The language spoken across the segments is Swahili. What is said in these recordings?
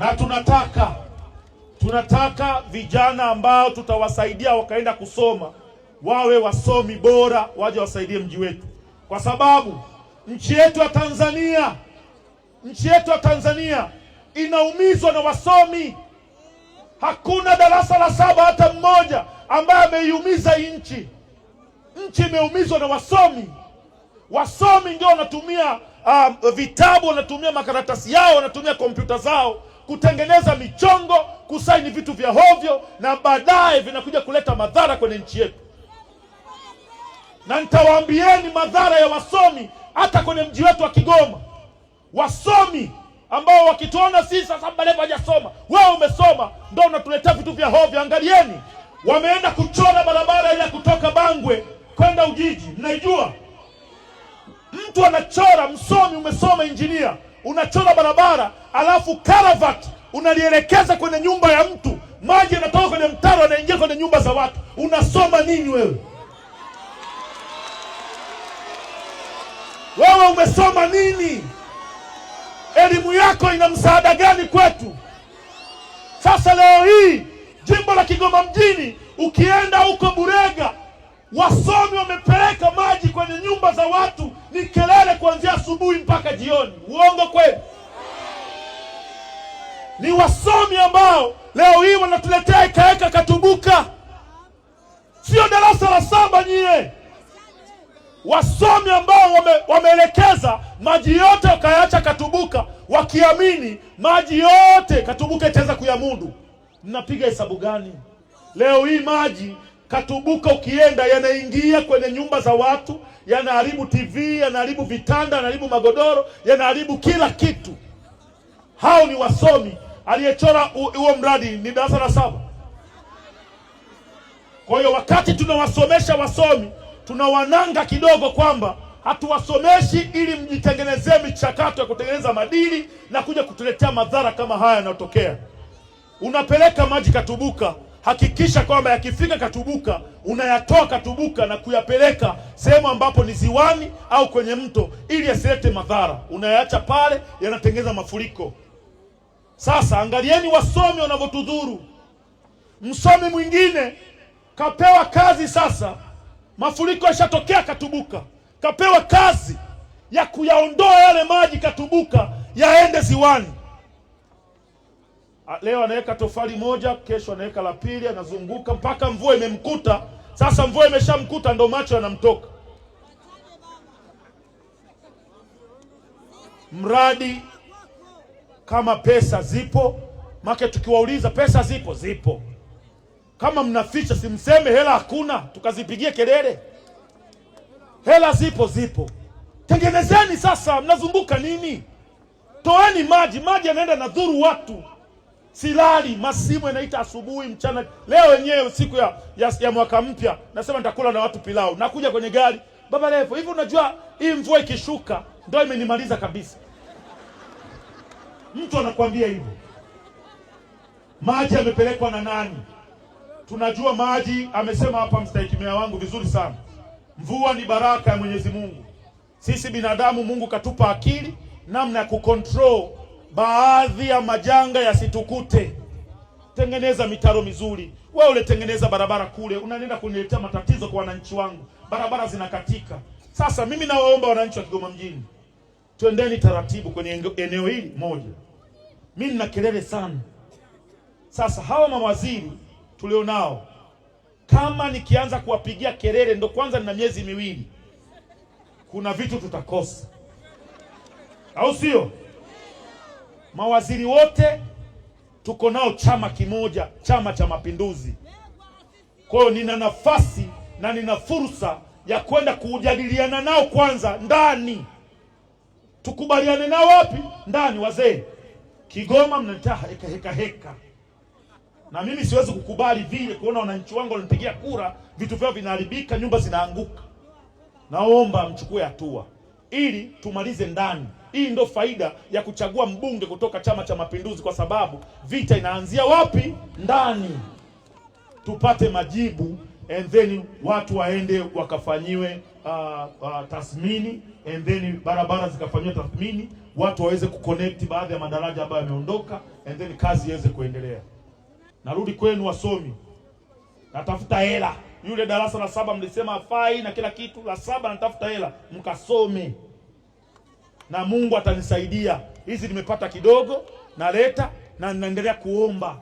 na tunataka tunataka vijana ambao tutawasaidia wakaenda kusoma wawe wasomi bora, waje wasaidie mji wetu, kwa sababu nchi yetu ya Tanzania, nchi yetu ya Tanzania inaumizwa na wasomi. Hakuna darasa la saba hata mmoja ambaye ameiumiza nchi. Nchi imeumizwa na wasomi. Wasomi ndio wanatumia uh, vitabu, wanatumia makaratasi yao, wanatumia kompyuta zao kutengeneza michongo, kusaini vitu vya hovyo, na baadaye vinakuja kuleta madhara kwenye nchi yetu. Na nitawaambieni madhara ya wasomi hata kwenye mji wetu wa Kigoma. Wasomi ambao wakituona sisi sasa, Babalevo hajasoma, wewe umesoma, ndo unatuletea vitu vya hovyo. Angalieni, wameenda kuchora barabara ile kutoka Bangwe kwenda Ujiji, mnaijua. Mtu anachora, msomi, umesoma injinia unachora barabara alafu karavati unalielekeza kwenye nyumba ya mtu, maji yanatoka kwenye mtaro yanaingia kwenye nyumba za watu. Unasoma nini wewe? Wewe umesoma nini? Elimu yako ina msaada gani kwetu? Sasa leo hii jimbo la Kigoma mjini, ukienda huko Burega, wasomi wamepeleka maji kwenye asubuhi mpaka jioni. Uongo kweli? Ni wasomi ambao leo hii wanatuletea ikaeka katubuka, sio darasa la saba nyie. Wasomi ambao wame, wameelekeza maji yote wakayaacha katubuka, wakiamini maji yote katubuka itaweza kuyamudu. Mnapiga hesabu gani? Leo hii maji katubuka ukienda yanaingia kwenye nyumba za watu yanaharibu TV, yanaharibu vitanda, yanaharibu magodoro, yanaharibu kila kitu. Hao ni wasomi. Aliyechora huo mradi ni darasa la saba. Kwa hiyo wakati tunawasomesha wasomi, tunawananga kidogo kwamba hatuwasomeshi ili mjitengenezee michakato ya kutengeneza madini na kuja kutuletea madhara kama haya yanayotokea. Unapeleka maji Katubuka hakikisha kwamba yakifika Katubuka unayatoa Katubuka na kuyapeleka sehemu ambapo ni ziwani au kwenye mto, ili yasilete madhara. Unayaacha pale, yanatengeza mafuriko. Sasa angalieni wasomi wanavyotudhuru. Msomi mwingine kapewa kazi sasa, mafuriko yashatokea Katubuka, kapewa kazi ya kuyaondoa yale maji Katubuka yaende ziwani leo anaweka tofali moja, kesho anaweka la pili, anazunguka mpaka mvua imemkuta. Sasa mvua imeshamkuta, ndo macho yanamtoka. Mradi kama pesa zipo, make tukiwauliza pesa zipo, zipo. Kama mnaficha, simseme hela hakuna, tukazipigia kelele. Hela zipo, zipo. Tengenezeni sasa, mnazunguka nini? Toeni maji, maji yanaenda na dhuru watu silali, masimu yanaita asubuhi, mchana. Leo wenyewe siku ya, ya, ya mwaka mpya, nasema nitakula na watu pilau, nakuja kwenye gari, baba Levo, hivi unajua hii mvua ikishuka ndio imenimaliza kabisa. Mtu anakuambia hivyo. Maji yamepelekwa na nani? Tunajua maji, amesema hapa mstahiki meya wangu vizuri sana, mvua ni baraka ya Mwenyezi Mungu. Sisi binadamu, Mungu katupa akili namna ya kucontrol baadhi ya majanga yasitukute. Tengeneza mitaro mizuri. Wewe ulitengeneza barabara kule, unaenda kuniletea matatizo kwa wananchi wangu, barabara zinakatika. Sasa mimi nawaomba wananchi wa Kigoma mjini, twendeni taratibu kwenye eneo hili moja. Mimi nina kelele sana. Sasa hawa mawaziri tulio nao, kama nikianza kuwapigia kelele, ndo kwanza nina miezi miwili, kuna vitu tutakosa, au sio? mawaziri wote tuko nao chama kimoja, Chama cha Mapinduzi. Kwa hiyo nina nafasi na nina fursa ya kwenda kujadiliana nao kwanza ndani, tukubaliane nao wapi? Ndani. Wazee Kigoma mnanitaa heka heka heka, na mimi siwezi kukubali vile, kuona wananchi wangu wananipigia kura, vitu vyao vinaharibika, nyumba zinaanguka. Naomba mchukue hatua ili tumalize ndani. Hii ndo faida ya kuchagua mbunge kutoka Chama cha Mapinduzi, kwa sababu vita inaanzia wapi? Ndani. Tupate majibu and then watu waende wakafanyiwe uh, uh, tathmini and then barabara zikafanyiwa tathmini, watu waweze kuconnect baadhi ya madaraja ambayo yameondoka and then kazi iweze kuendelea. Narudi kwenu wasomi, natafuta hela. Yule darasa la saba mlisema afai na kila kitu, la saba natafuta hela, mkasome na Mungu atanisaidia. Hizi nimepata kidogo, naleta na naendelea kuomba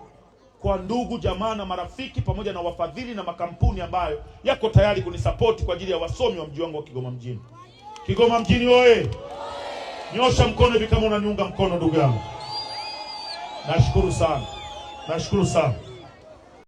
kwa ndugu jamaa na marafiki, pamoja na wafadhili na makampuni ambayo yako tayari kunisapoti kwa ajili ya wasomi wa mji wangu wa Kigoma mjini. Kigoma mjini oye! Nyosha mkono hivi kama unaniunga mkono, ndugu yangu. Nashukuru sana, nashukuru sana.